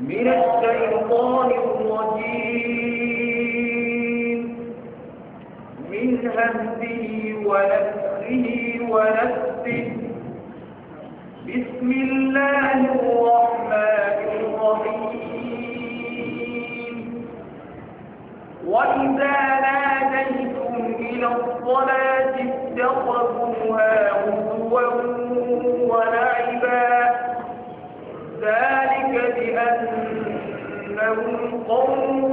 من الشيطان الرجيم من همزه ونفسه ونفسه بسم الله الرحمن الرحيم وإذا ناديتم إلى الصلاة اتخذوها هزوا قوم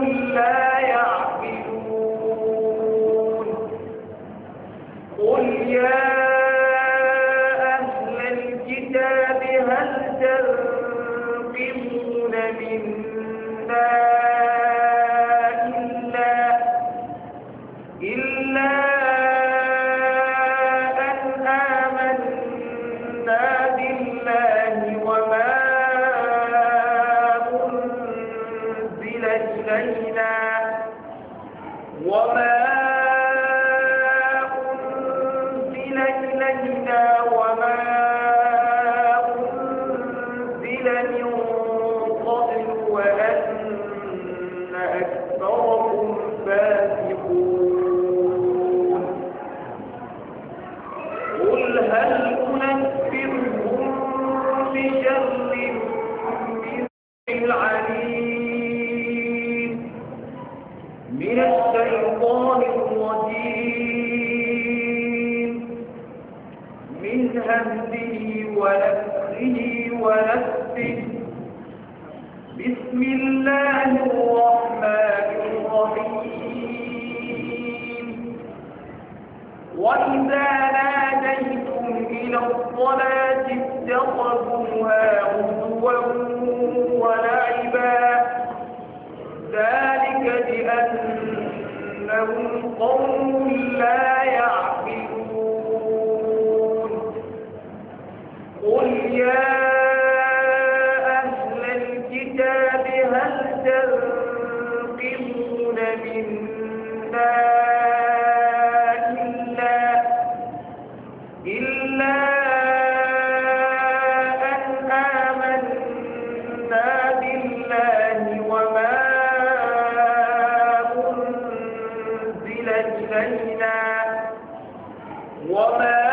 وما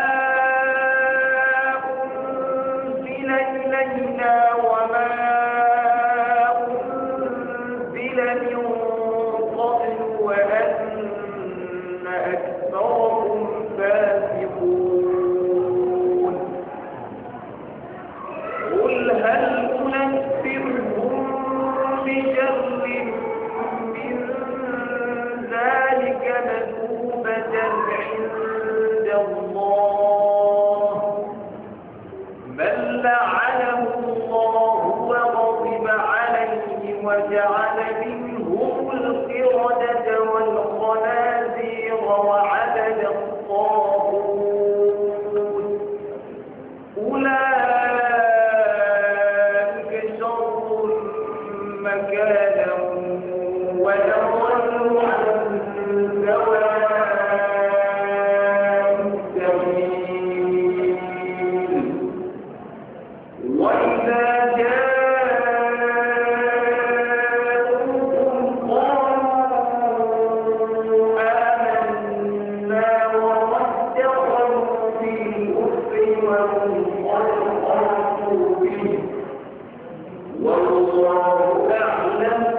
والله أعلم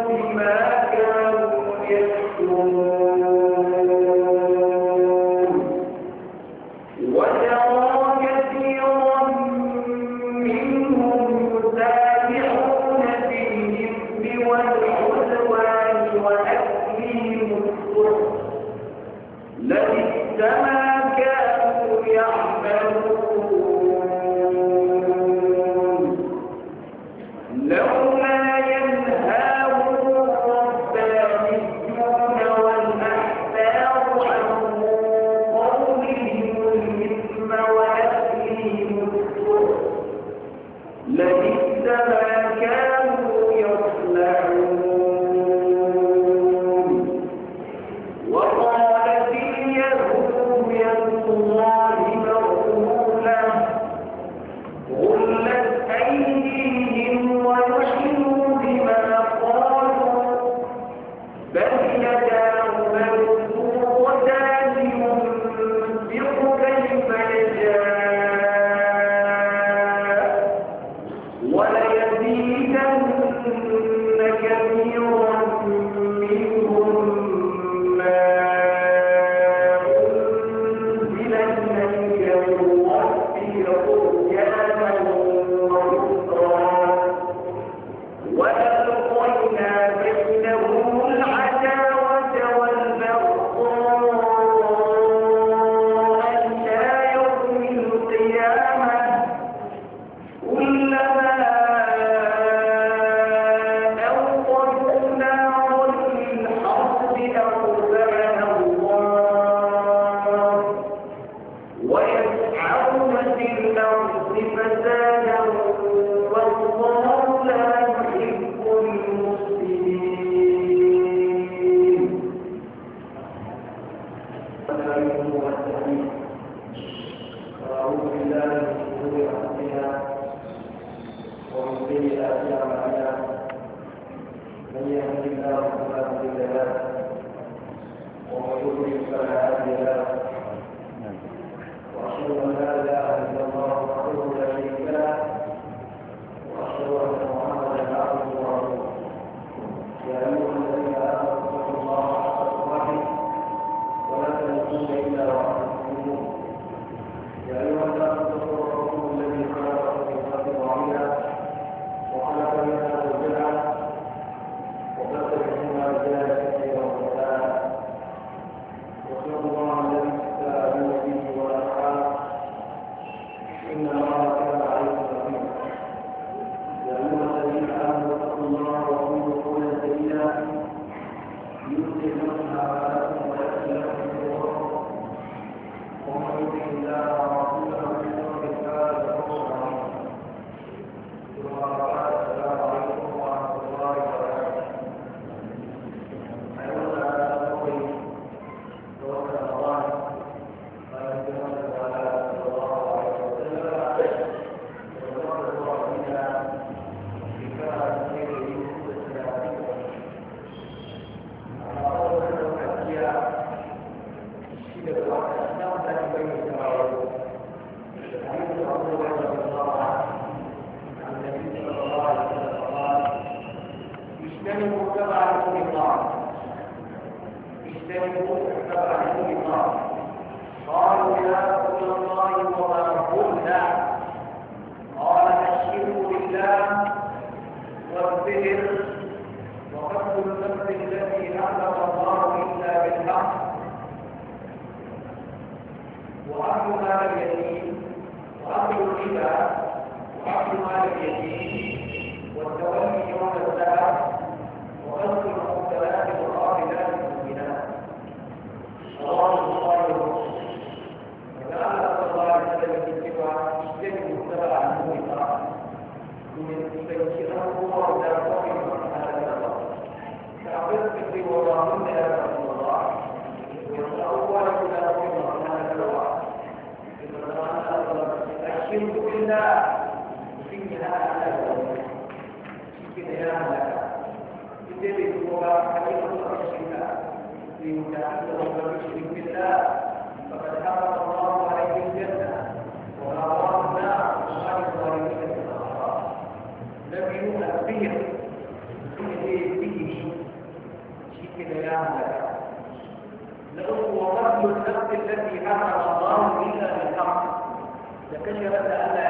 shi da wanda Allah ya da da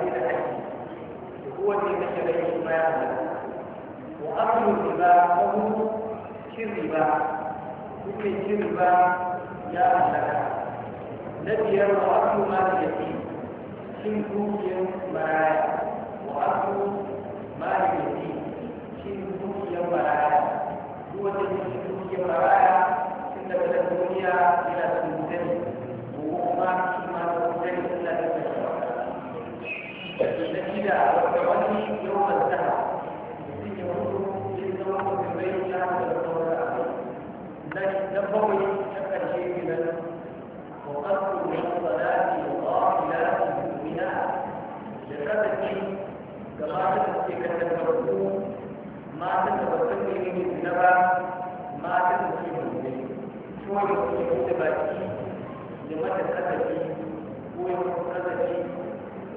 haƙƙi da kowace kashe da shi ma ya ko kuke ya na ma dukiyar maraya ma ko ya kusa baki da mata kasafi ko ya kusa kasafi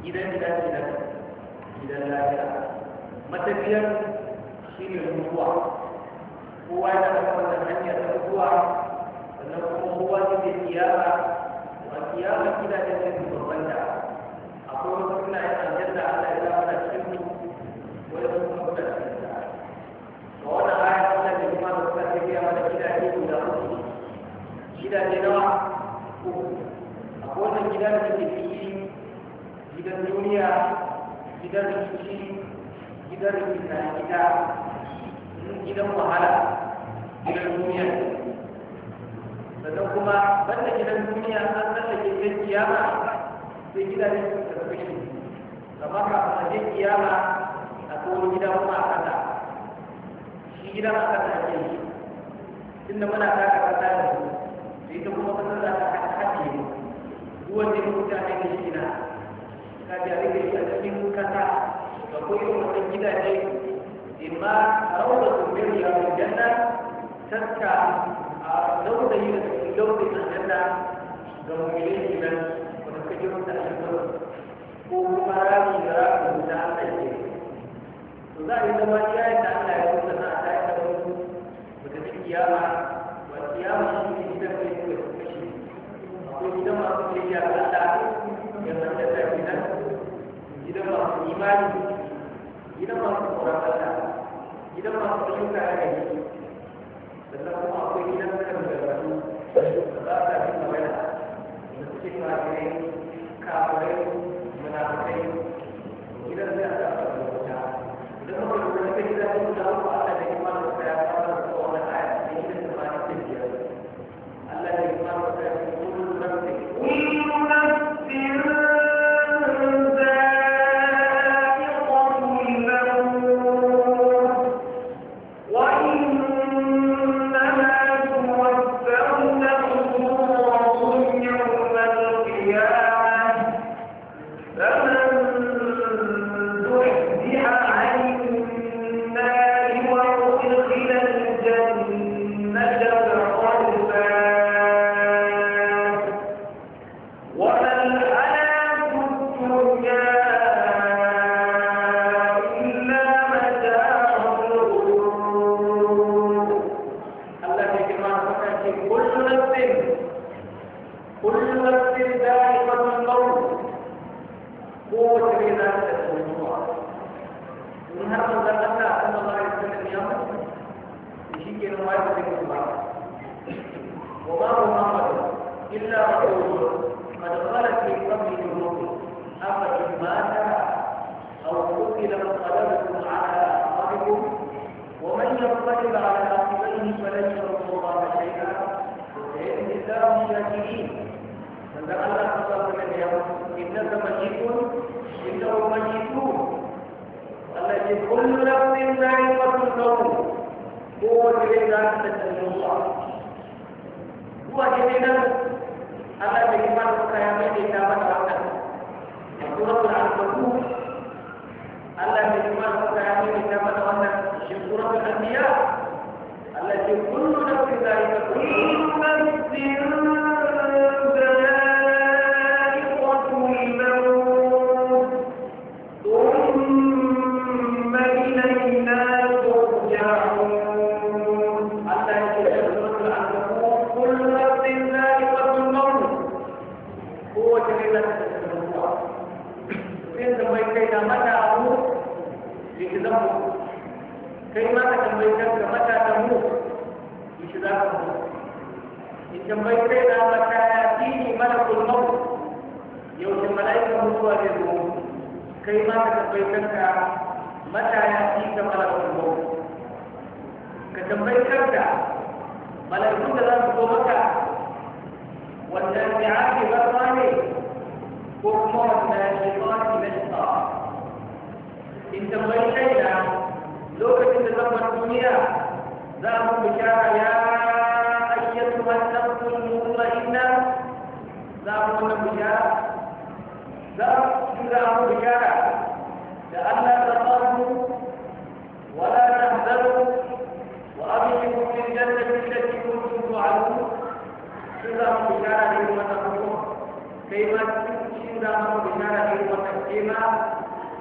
gidan gida ce na gidan lafiya matafiyar shi ne mutuwa kowa yana da wannan hanyar mutuwa sannan kuma kowa ne ke kiyama wa kiyama gida ne ke babban da akwai wasu suna yin aljanna Allah ya zama cikin su wani kuma da cikin da ga wannan ayar Allah ne kuma da suka tafiya mana gidaje guda uku gidaje nawa uku akwai wannan gidan da ke fiye gidan duniya gidan rikici gidan rikita gida gidan wahala gidan duniya sannan kuma banda gidan duniya an tsallake gidan kiyama sai gidajen da suka shi amma kafin a je kiyama a kowa gida kuma a kasa shi gidan a kasa ke yi inda muna taka kasa da su sai ta kuma kasar da aka haɗe ke yi ya mutu a shi na ka jari da a cikin kasa da kuma irin gidaje imma rawdatun min riyadil janna taska a daudayi da cikin daudayi na janna ga mu'minin kenan wanda suka ji mutu a cikin ko kuma rami da rami da Allah ya to za a yi zama yi ta Allah ya rubuta na ta yi ta wasu wata cikin kiyama wa kiyama shi ne gidan da ya kuka shi gidan masu kiyama da Allah ya san ta ta gidan gidan masu imani gidan masu tsoron Allah gidan masu ayyuka a gari sannan kuma akwai gidan kan gargaru da ba sa jin magana da suke kafirai kafirai munafikai gidan da aka fara wuta idan kuma da wani gidan da aka fara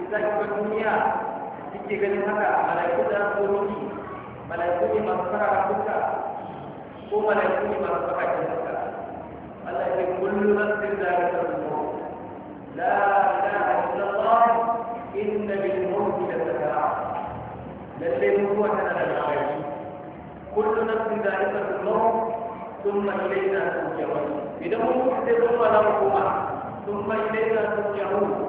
zaka duniya kike ganin haka malaiku da su ruhi malaiku ne masu fararen fuska ko malaiku ne masu bakakin fuska Allah ya kullu nafsin zalikatul maut la ilaha illallah inna bil mauti lasakarat lalle mutuwa tana da labari kullu nafsin zalikatul maut thumma ilayna turja'un idan mun kuce zuwa lamu kuma thumma ilayna turja'un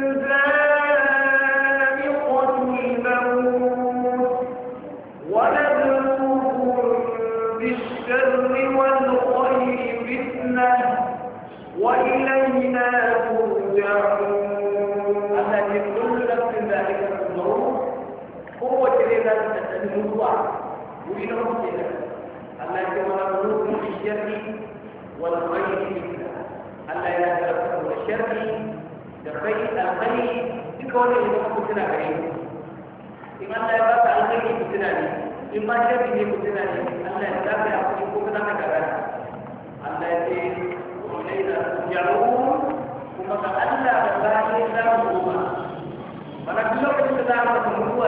na uku kenan Allah ya ce mana ruhu fi sharri wal khayri Allah ya jarraba mu da sharri da kai alkhairi duka wannan yana kuma tana gare mu in Allah ya baka alkhairi ku tana ne in ma sharri ne ku Allah Allah Allah da lokacin da za mu koma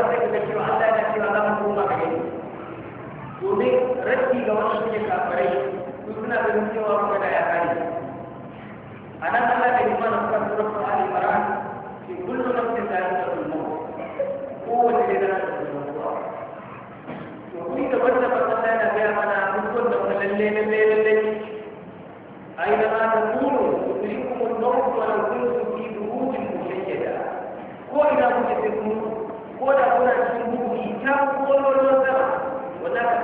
Allah domin raddi ga wanda suke kafirai su suna da cewa magana ya kare a nan Allah da yi mana kan surfa Ali Imran ke kullu nafsin da ta kullu kowace ne da ta kullu to ni da wanda ba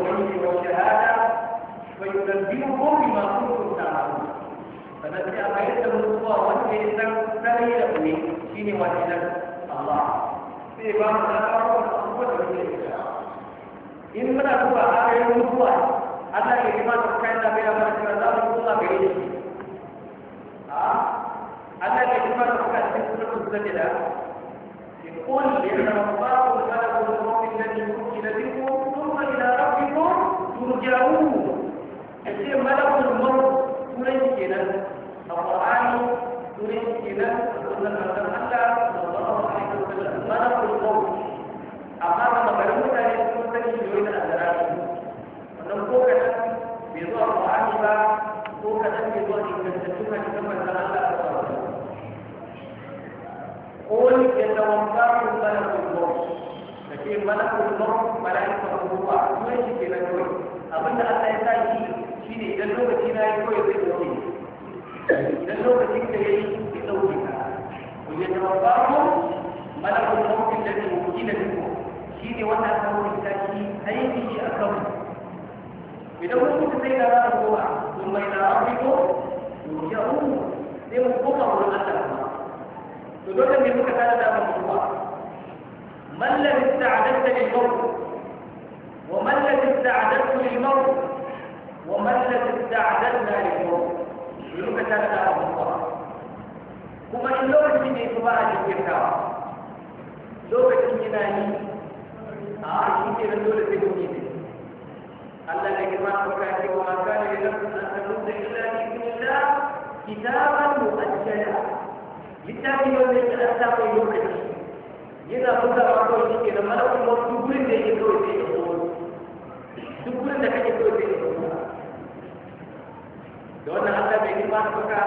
العلم والشهادة وينبئكم بما كنتم تعلمون فنسي أخيرت الرسوة وجه سبيل أمي شيني وجه الله في بعض الأمر والأصوات والإنسان إن من أدوى هذا الرسوة أن الإيمان كان بين من أجمع الله بإيه أن الإيمان كان بين من أجمع يقول لأن الله خلق الموت الذي مكن بكم ثم إلى ربكم ترجعون الشيء ملك الموت سورة كنا القرآن سورة كنا سورة مثلا حتى صلى الله عليه وسلم ملك الموت أمام مبلغ تاريخ سورة يريد أدراكه ولم توقع بيضاء القرآن با توقع بيضاء الجنة كما كما قل يتوفاكم ملك الموت لكن ملك الموت ملائكة الله ما يجي كنا abinda Allah ya sa shi shine idan lokaci na yi kawai zai dauke idan lokacin da yayi ya dauke ka ku je da babu malakul maut alladhi yuqina bikum wannan aka rubuta shi aiki shi akan idan kun kuka sai da ranar sun mai da rabbiko yau sai mu kuka wurin Allah to dole ne muka tada da mu kuwa man lam lil maut وما الذي استعدته للموت وما الذي استعددنا للموت شنو كتبنا له الله كما ان لو كنت تبارك الكتاب لو كنت نايم آه كنت رسول اللي الدنيا الله لك ما وكاتب وما كان لنفس ان تموت الا باذن الله كتابا مؤجلا littafi wanda yake an samu lokaci yana buga wa kawai shi ke da malakun wasu gurin da yake duk wurin da kake so sai da wannan Allah bai girma da baka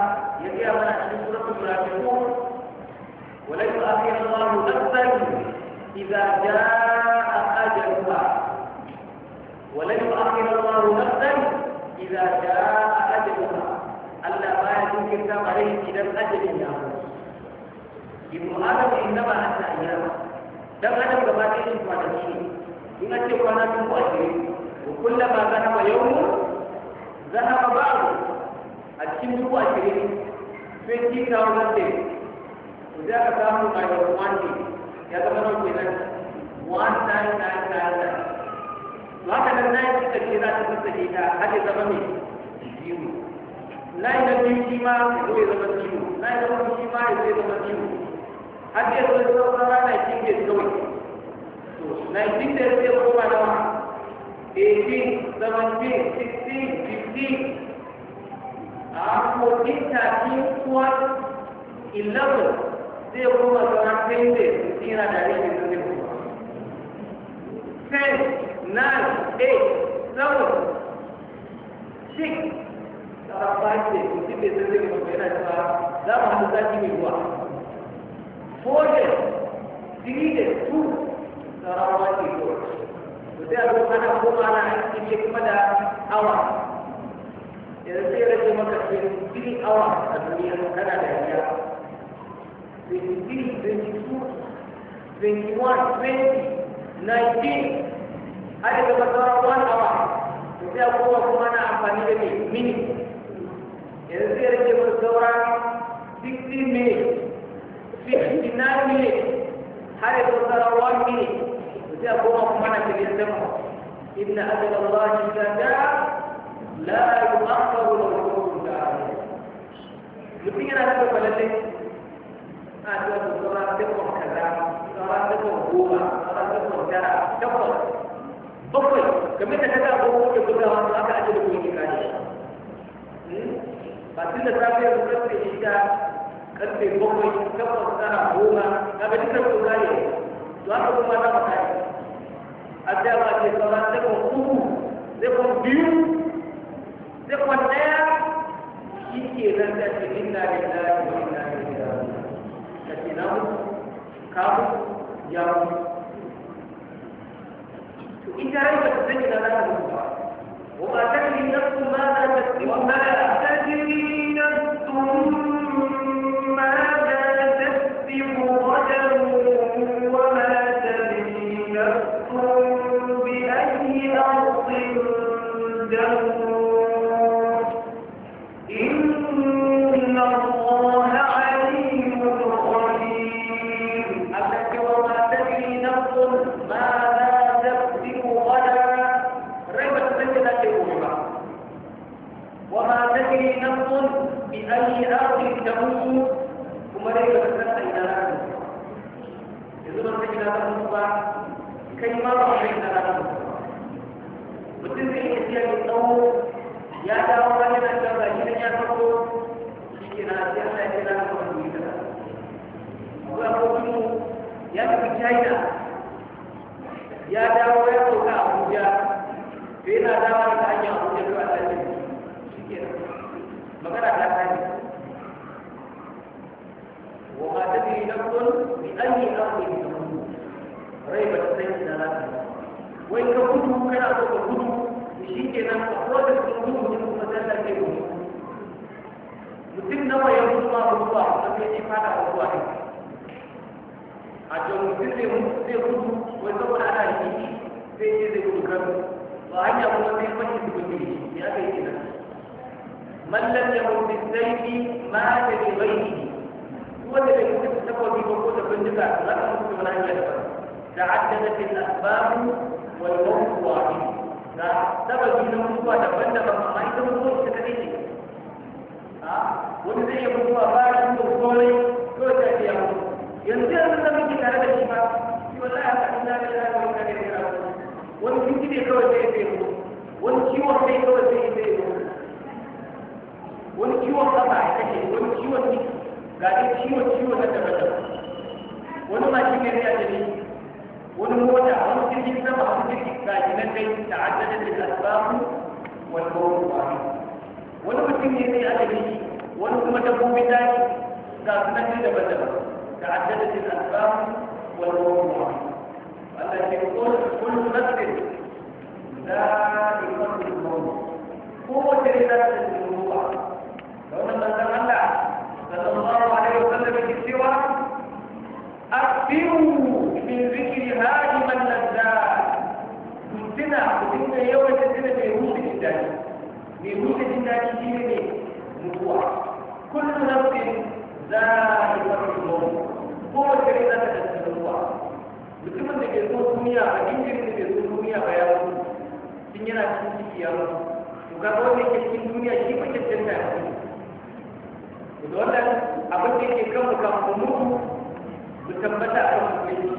ya tsaya mana cikin suratul murafiqun wala yu'akhiru Allahu nafsan idza jaa ajaluha wala yu'akhiru Allahu nafsan idza jaa ajaluha Allah ba ya jinkirta bare idan ajalin ya zo ibnu adam innama anta ayyama dan adam gaba ɗaya shi kwanaki ne in ce kwana dubu وكلما ذهب يوم ذهب بعض أتكلم أشرين في تلك أولادك وذاك كان ما دي يتمنى كذا وان ناي ناي ناي ناي وهكذا ناي تكثيرا تكثيرا هذا زمني يوم ناي نبي شيما هو زمن يوم ناي نبي شيما هو زمن يوم هذا زمن صار ناي تيجي تقول ناي تيجي تقول ما نوع 18, 17, 16, 15, uh, 14, 13, 12, 11 zai kuma zama 10 days dina da rage su zai kuma 10, 9, 8, 7, 6 tsara 5 days mutum bai zai zai kuma yana cewa za mu hannu zaki mai zuwa 4 days 3 days 2 tsara 1 days sai a rufe ana koma ana aiki kuma da awa yanzu sai rage maka ce three a duniya kana da yaya twenty three twenty two twenty one twenty sauran one hour to sai a kuma ana amfani da me minute yanzu sai rage maka sauran sixty minutes fifty minutes har yanzu sauran one minute sai a koma kuma na cikin jama'a inna ajal Allah idza jaa la yu'akhkharu lahu yawmun ta'ala mutum yana da falalle a da sauran dakon kaza sauran dakon goma sauran dakon tara takwas bakwai game da kaza ko ko da gudawa to aka ajiye da kuma kaje ba tun da safe mu karfe shida karfe bakwai takwas tara goma kaga duka kuma ne to aka kuma za mu kaje a ce ba ke sauran sekon uku sekon biyu sekon ɗaya shi ke nan da ce inna lillahi wa inna ilaihi raji'un ka na mutu ka mutu ya mutu to ita rai ba na za ta mutu ba wa ba ta kalli ta tsima بالسيئات تموت kuma dai ba san sai da ran yanzu ban san ina zan ba kai ma ba san ina zan mutum zai iya tafiya mai tsawo ya dawo ba yana can ba gidan ya farko shi ke na sai ya kira ba ya tafi China ya dawo ya sauka Abuja to yana dawo دخل على ثاني وما تدري نفس بأي أرض تموت ريب السيف لا وإن كنت كان أقول شيء كان أخرج القلوب من مدلة كبيرة mutum nawa ya mutu ma mutuwa wanda ya fada mutuwa ne a can mutum zai mutu zai mutu wani saboda ana rikici zai ce zai mutu kan ba hanya kuma sai mashi su gudu ne ya kai kenan من لم يكن بالسيف مات لغيره هو الذي يكتب التقوى في موقوته بالنفع غير مسلم لا يجب تعددت الاسباب والموت واحد لا سبب انه هو تبدل ما الموت كذلك تكملوه بثبت أحكامه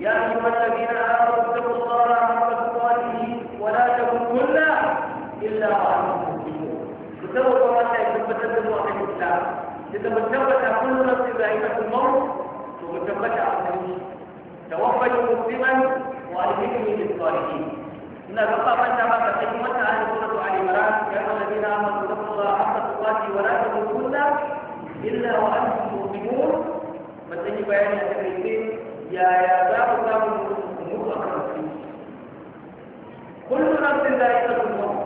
يا أيها الذين آمنوا اتقوا الله حق تقاته ولا تموتن إلا وأنتم مسلمون بسبب الله يثبت الله الإسلام لتمتبت كل نفس ذائقة الموت ومتبت أحكامه توفني مسلما وألهمني بالصالحين إن بقى من تبع تقيمتها أهل سورة آل عمران يا أيها الذين آمنوا اتقوا الله حق تقاته ولا تموتن إلا وأنتم مؤمنون مثلا بيان التكليفين يا يا ذاك ذاك الأمور أكثر كل نفس ذائقة الموت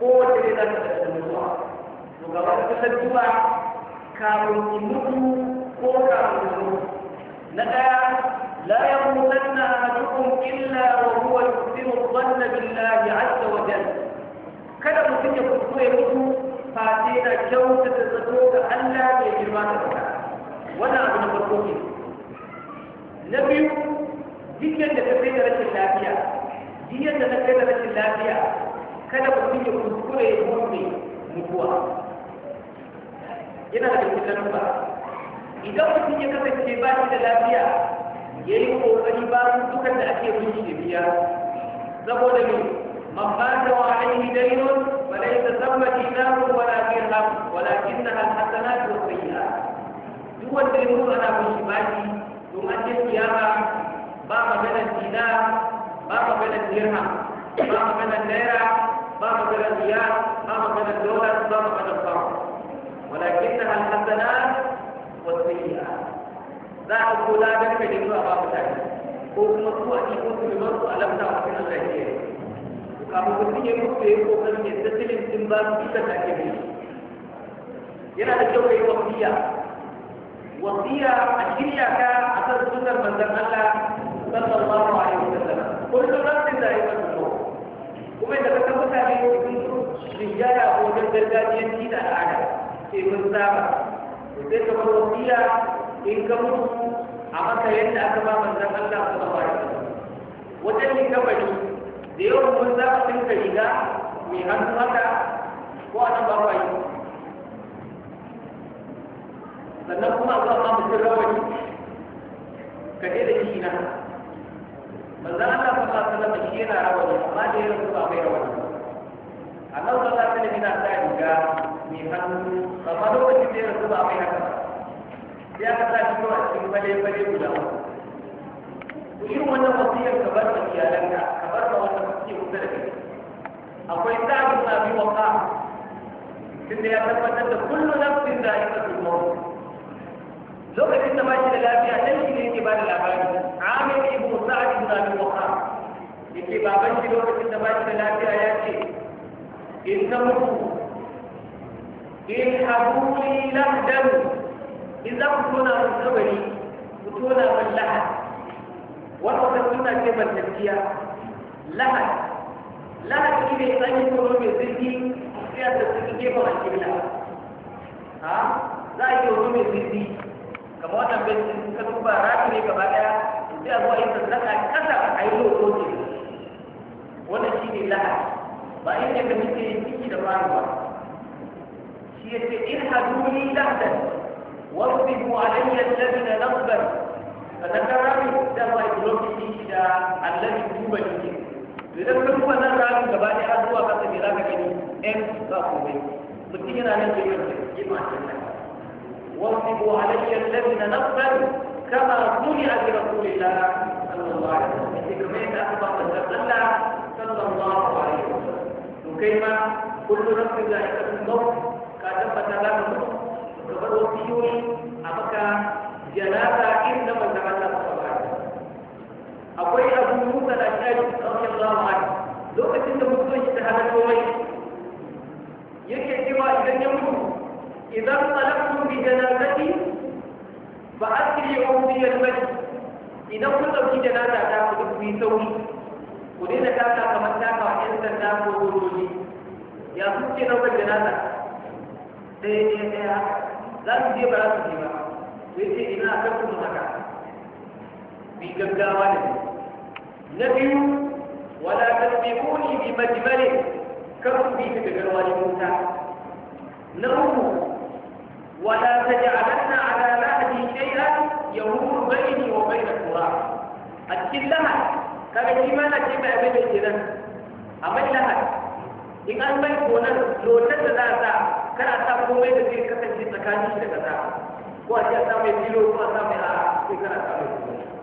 قوة لذلك الموت وقال تسجوا كانوا يموتوا قوة الموت نقع لا يموتن أحدكم إلا وهو يحسن الظن بالله عز وجل كذا مسجد يقول fati na kyauta da zato ga Allah mai girma da baka wannan abu na farko ne na biyu jikin da ta kai da rashin lafiya jikin da ta kai da rashin lafiya kada mutum ya kuskure ya mutu mutuwa yana da cikin ba idan mutum ya kasance ba shi da lafiya ya yi kokari ba dukan da ake bin shi biya saboda me من مات وعليه دين فليس ثم دينار ولا درهم ولكنها الحسنات والسيئات duk wanda ya mutu ana mun shi baki domin cin kiyama ba maganar dinar ba maganar dirham ba maganar naira ba maganar riyal ba maganar dolar ba maganar pound walakinna al hasanat was sayyi'at za a kula da kake da zuwa ba mutane ko kuma su a cikin su da su alamta a cikin Allah kafin mutum ya mutu ya kokarin ya tattalin din ba su da take yana da kyau yi wasiya wasiya a shirya ka a kan sunnar manzon Allah sallallahu alaihi wasallam ko da rabbin da ya mutu kuma da kan mutane sun rijaya ko dan gargajiyanci da al'ada ke mun saba sai ka bar wasiya in ka mutu a maka yadda aka ba manzon Allah sallallahu alaihi wasallam wajen yin kabari da yawan mun za a tinka riga mai hannu haka ko a nan yi sannan kuma a ma mutum ka je da shi na shi yana amma da yawan ba mai yana sa riga mai hannu amma lokacin da ya ba mai haka sai shi kawai cikin fale-fale guda irin wannan wasiyar ka bar da iyalanka ka bar da wanda suke kusa da kai akwai tsarin na bi waka tunda ya tabbatar da kullu nafsin da ita su mawu lokacin da bashi da lafiya nan shi ne yake ba da labari amir ibn sa'ad ibn abi waqas yake baban shi lokacin da ba shi da lafiya ya ce in ta mutu in habuli lahdan in za ku tona mun kabari ku tona mun lahad wata suna ce bantacciya lahad lahad shi ne an yi kuma mai zirgi sai a tattaki gefen kila ha za a yi wani mai zirgi kamar wannan bai ka duba rafi ne gaba daya sai a zuwa yi sassaƙa kasa a yi roƙo lokoci wannan shi ne lahad ba inda ka muke yin ciki da faruwa shi yake in haduni lahdan wasu bu alayya lalina nasbar sannan kan rami da ba ya bulokin jiki da allabi duba jiki to idan ka duba nan rami gaba ɗaya har zuwa kasa ne za ka gani ɗan ba komai mutum yana nan da yin girma a cikin واصبوا علي الذين نقبل كما صنع برسول الله صلى الله عليه وسلم كما أخبر تتخلى صلى الله عليه وسلم وكيما كل نفس ذائقة الموت كتب تلاته كبروا فيوني أبكى جنازة إنما akwai abu musa da shari ɗaukin lamar lokacin da mutum shi ta hada komai yake cewa idan ya mutu idan tsalaktu bi janazati ba a tsiri ya wuce yalmari idan kun ɗauki janaza ta ku duk bi sauri ku da taka kamar taka wa ƴan sanda ko sojoji ya suke ce ɗaukar janaza ɗaya ɗaya ɗaya za su je ba za su je ba to ce ina a kan kuma haka bi gaggawa da na biyu wala tasbiquni bi majmali kar ku bi da garwani mota na uku wala ta taj'alanna ala lahdi shay'an yahuru bayni wa bayna qura' a cikin lahad kaga shi ma na ce mai abin da ke nan a mai lahad in an mai gonar lotar da za a sa kana sa komai da zai kasance tsakanin shi da kasa ko a ce a sa mai filo ko a sa mai a sai kana sa mai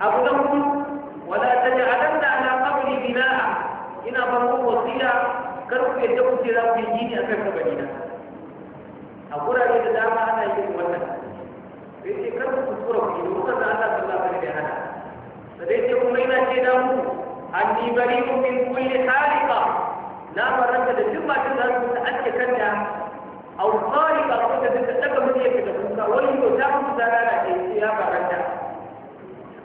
abu na hudu wala ta ji adamta ala kabari bina'a ina farko wasila kar ku yadda ku ce za ku yi gini kan kabari na a gurare da dama ana yin wannan sai ce kar ku kuskura ku yi wutar da Allah sallallahu alaihi wa hana sai ce kuma ina ce da mu anni bari'un min kulli khaliqa na faranta da duk matan da su ta ake kanta au khaliqa ko da ta daga mutum yake da kuka wani ko ta mutu da lalace ya faranta.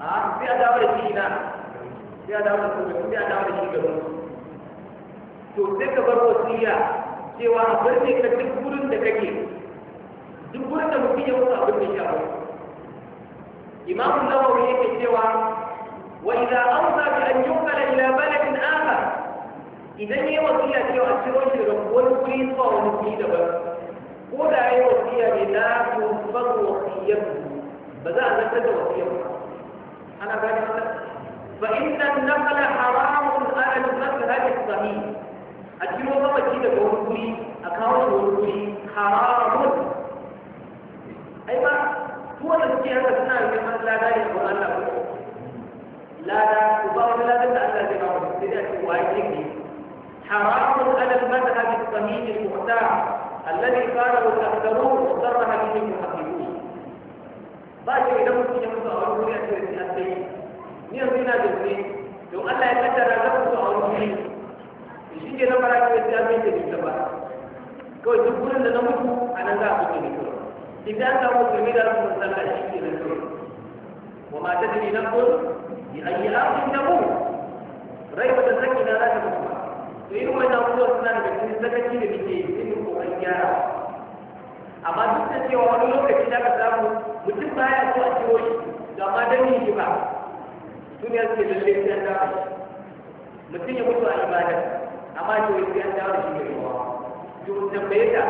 a sai a dawo da shi na sai a dawo da su sai a dawo da shi gaban to sai ka bar wasiya cewa a bar ne ka duk gurin da kake duk gurin da mutum ya mutu abin da ya shafa imamu nawawi yake cewa wa idza awsa bi an yuqala ila baladin akhar idan yayi wasiya cewa a ciro shi daga wani guri zuwa wani guri daban ko da ya yayi wasiya ne la tunfadu wasiyatu ba za a zartar da wasiyar ba أنا بالي فإن النقل حرام على المذهب الصحيح أجل وضع كده بوركولي أكاون بوركولي حرام أيما أيوة، هو نسكي هذا سنة يقول لا دا يقول الله لا دا وبعض لا دا أن لا دا بدأت وايتك حرام على المذهب الصحيح المختار الذي قاله الأكثرون وصرح به المحققون ba shi idan mutum ya mutu a wani wuri a cikin ya sai ni yanzu ina da ne don Allah ya kaddara na mutu a wani wuri shi ke na fara cikin ya sai da nisa ba kawai duk wurin da na mutu a nan za a mutu ne kawai idan an samu musulmi da rasu sallah shi ke na kawai wa ma tadri yi bi ayyi amrin tamut rai ba ta sani na za ta mutu ba to yi wani na wannan wasu na da cikin sakaci da yi sai ni ko an gyara amma duk da cewa wani lokaci za ka samu mutum ba ya so a ciwo shi to ma dan yi shi ba su ne suke lalle sai an dawo mutum ya mutu a ibada amma to sai an dawo shi ne ruwa to tambaye ta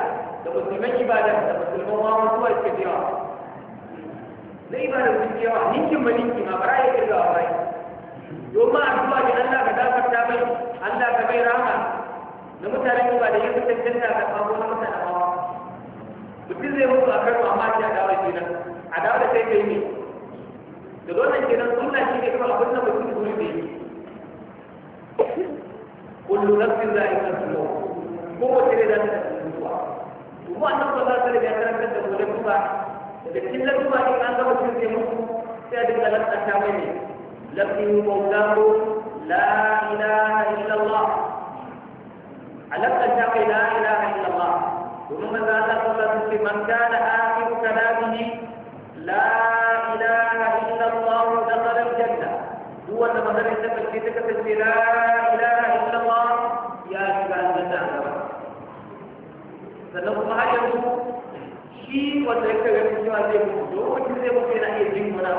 da musulman ibada da musulman ma mutuwa suke da yawa na ibada sun yawa ninkin ma ninkin ma bara ya kirga wa bai domin addu'a ne Allah ka dafarta mai Allah ka mai rahama na mutanen ibada yin tantance da ka kawo na mutanen mutum zai mutu a karo amma ce a dawo kenan a dawo da kai kai ne da wannan kenan suna shi ne kuma abin da mutum zai da yi kullu nafsin za'iqatul ko kowace ne za ta tafi mutuwa to mu annabi sallallahu alaihi wasallam ya karantar da mu da kuma da cikin lafiya in an gama cin sai sai a dinga lantsa mai ne lafiyu maulahu la ilaha illallah a lantsa mai la ilaha illallah domin maza Allah sallallahu alaihi man kana akhiru kalamihi la ilaha illa Allah dakhala al-janna duk wanda magana ta kace ta kace la ilaha illa Allah ya shiga aljanna gaba sannan kuma har yanzu shi wanda yake ganin cewa zai mutu lokacin ina ganin fara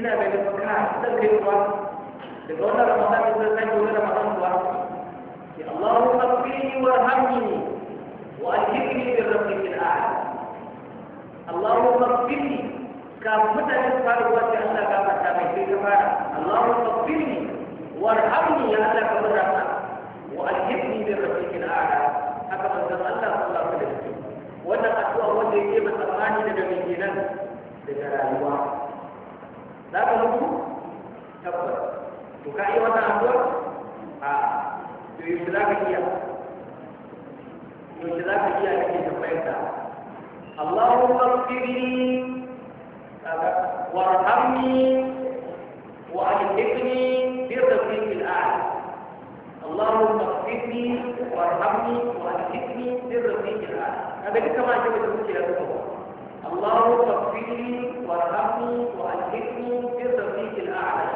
ina ganin ka san wannan اللهم اغفرني وارحمني والهمني بالرفيق الاعلى اللهم اغفرني كافتا تفعل وجه الله كما تعمل في كفاره اللهم اغفرني وارحمني يا الله كما رحمه والهمني بالرفيق الاعلى هكذا قال الله صلى الله عليه وسلم وانا ادعو wanda yake ba tsammani daga mai kenan daga rayuwa za ka mutu tabbas to ka yi wannan addu'a a yaushe za ka iya yaushe za ka iya kake tambayar ta Allahumma ighfirli warhamni الأعلى اللهم اغفرني وارحمني وألحقني بالرفيق الأعلى هذا كما جبت المشكلة اللهم اغفرني وارحمني وألحقني بالرفيق الأعلى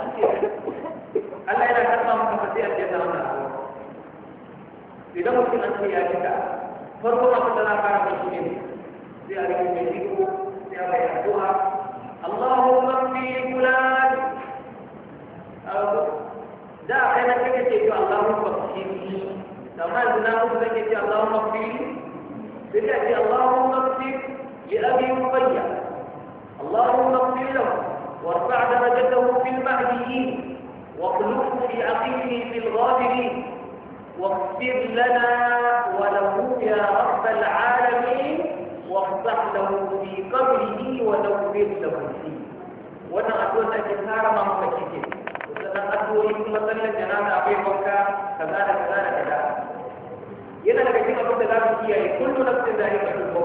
ألا إلى كما مكفتئة يتمنى idan mutum an ce ya cika farko abin da za ka fara shi ne sai a rike mai iko sai a mai addu'a Allahumma fi fulan da a kai na kake ce to Allahumma fi amma yanzu na mutu zan ce Allahumma fi sai ka ce Allahumma fi li abi ubayya Allahumma fi lahu وارفع درجته في المهديين واخلفه في عقيمه في الغابرين واغفر لنا وله يا رب العالمين وافتح له في قبره وتغفر له فيه وانا اتوتا كثار ما مكتك وانا اتوتا مثلا جنانا ابي بكا كذا كذا كذا yana daga cikin abin da za mu kiyaye kullum na fitin zai ka dubo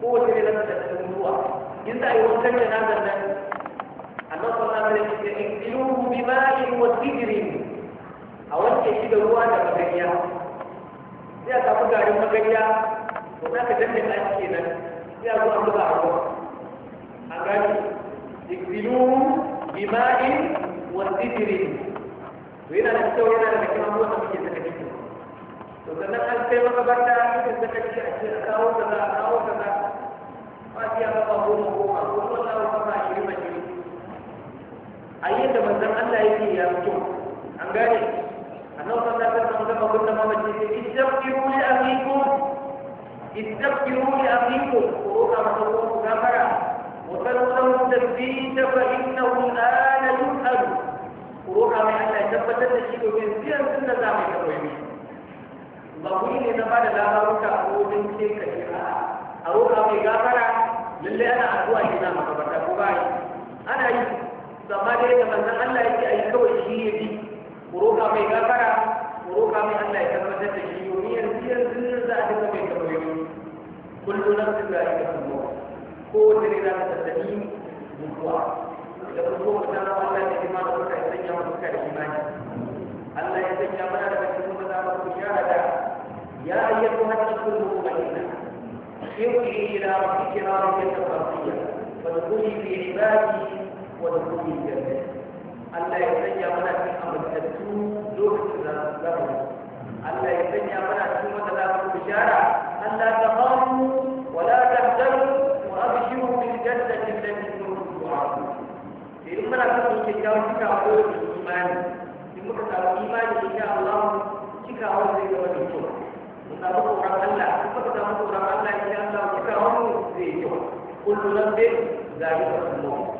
kowace ne lafiya da cikin ruwa in za a yi wancan janazar nan annabi sallallahu alaihi wasallam ya ce in biyu bi ma'in wa tigrin a wanke shi da ruwa da magariya sai a samu garin magariya to za ka danne ta shi nan sai a zuwa an a ruwa a gani ikziluhu bima'i wa sidirin to yana da kyau yana da kyau abubuwan da muke saka ciki to sannan an kai makabarta suka saka ciki a ce a kawo a kawo kaza ba shi ya kafa goma goma ko kuma za a kafa ashirin a yadda manzon Allah yake ya fito an gane annabi sallallahu alaihi wasallam gaba kunna mamaci sai istaghfiru li akhikum istaghfiru li akhikum ku roƙa masa ko ku gafara wa tarqamu tadbita fa innahu al'ana yus'alu oh, ku roƙa mai Allah ya tabbatar da shi domin biyan sunna za mu tabbai mishi ba ku ne na bada labaruka a wajen ce ka ce a roƙa mai gafara lalle ana addu'a ne na ko ba ana yi amma Allah yake ayi kawai shi ya bi roƙa mai gafara mu roƙa mai Allah ya tabbatar da shi domin yanzu yanzu nan za a dinga mai tambayoyi kullu nafsin da ya kasu ko wanda ne za ta tattali mutuwa da kuma ko ta Allah ya jima da kuka sanya mu kuka da imani Allah ya sanya mana daga cikin maza ba ku shahada ya ayyuhan nafsul mu'minina ارجعي الى ربك راضيه مرضيه فادخلي في عبادي وادخلي جنتي Allah ya sanya mana cikin amintattu lokacin da za mu Allah ya sanya mana cikin wanda za mu bishara Allah ta faru wa la tahzanu wa abshiru bil jannati allati kuntum tu'adun idan muna son mu kyakkyawan cika a kowace imani in muka samu imani insha Allah cika a wani zai zama da kyau mu samu tsoron Allah in muka samu tsoron Allah insha Allah cika a wani zai yi kyau kullu nabbi zalika al-mawt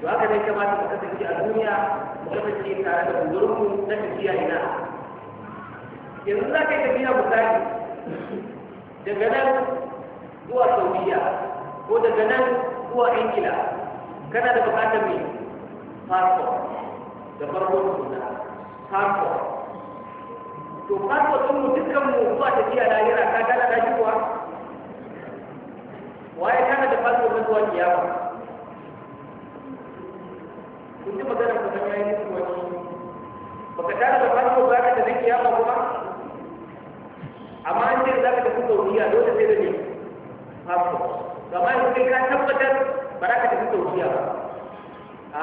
to haka dai kamata ka kasance a duniya mu kasance tare da budurmu na tafiya ina yanzu za ka yi tafiya misali daga nan zuwa saudiya ko daga nan zuwa ingila kana da bukatar mai passport da farko suna passport to passport din mu dukkan mu zuwa tafiya na ka gana da shi kuwa waye kana da passport na zuwa kiyama kun ji magana ku san yayi musu wani baka tare da za ka tafi kiyama kuma amma an ce za ka tafi saudiya dole sai da ne hasko gama in kai ka tabbatar ba za ka tafi saudiya ba a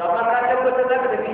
gama ka tabbatar za ka tafi